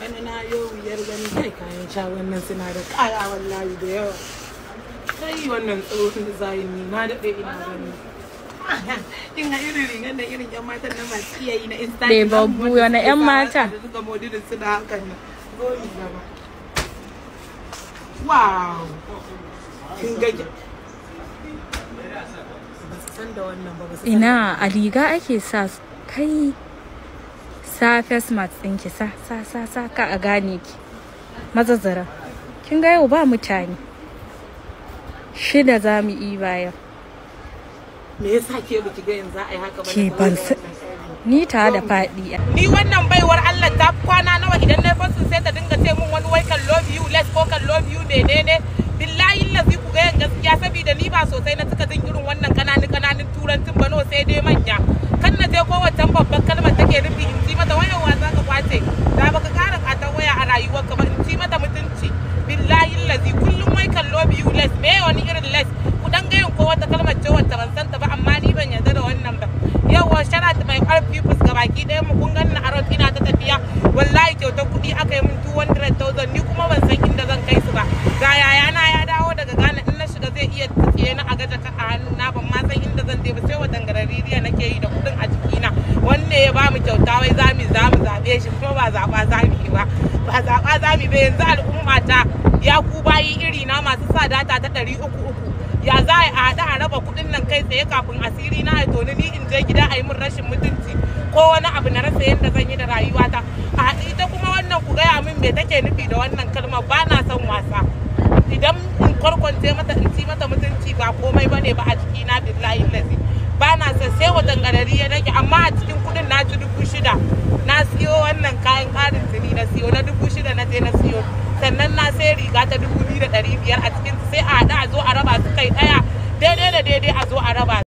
wani na yau wuyar gani kai kayan sha wannan suna da kaya wallahi da yawa kai wannan tsohon da zayin ni na daɗe ina gani kin ga irin rigan da irin yan matan na masu iya yi na instagram babbu yana yan mata da suka modi da suna hakan nan goyi gaba wow kin ga ina a riga ake sa kai sa face mask ɗinki sa sa sa sa ka a gane ki mazazzara kin ga yau ba mutane shida za mu yi bayan me yasa ke baki ga yanzu yi haka ba ke ban ni ta da faɗi ni wannan baiwar Allah ta kwana nawa idan na fasin sai ta dinga ce mun wani wai kan love you less ko kan love you menene billahi lazi ku ga gaskiya saboda ni ba sosai na suka jin irin wannan kananun kananun turancin bano sai dai manya kan na je kowace babban kalmar take nufi in shugabanci mata mutunci billahi lazi kullum mai kallo biyu les me wani irin les ku dan gayin ko wata kalmar ce wata ban santa ba amma ni ban yarda da wannan ba yawa sharat mai karfi fuska baki ɗaya mu kun na a ina ta tafiya wallahi kyautar kuɗi aka yi min 200,000 ni kuma ban san inda zan kai su ba ga yaya na ya dawo daga gane in na shiga zai iya tsiye na a gaja ka a hannu na ban ma san inda zan je ba sai wa dangarariya nake yi da kuɗin a jikina wanne ya ba mu kyauta wai za mu zaɓe shi kuma ba zaɓa za mu yi ba a zaba za mu bai yanzu al'umma ta ya ku bayi iri na masu sa data ta ɗari uku uku ya za a haɗa a raba kuɗin nan kai tsaye kafin asiri na a ni in je gida a yi min rashin mutunci ko wani abu na rasa yadda zan yi da rayuwata a ita kuma wannan ku gaya min me take nufi da wannan kalmar ba na son wasa idan in kwarkwance mata in ci mata mutunci ba komai bane ba a na billahi lazi ba na son sai gadari ya rage amma a cikin kuɗin na ci dubu shida na siyo wannan kayan ƙarin tuni na siyo na dubu je na siyo sannan na sai riga ta dubu biyu da ɗari biyar a cikin sai a haɗu a zo a raba su kai ɗaya daidai da daidai a zo a raba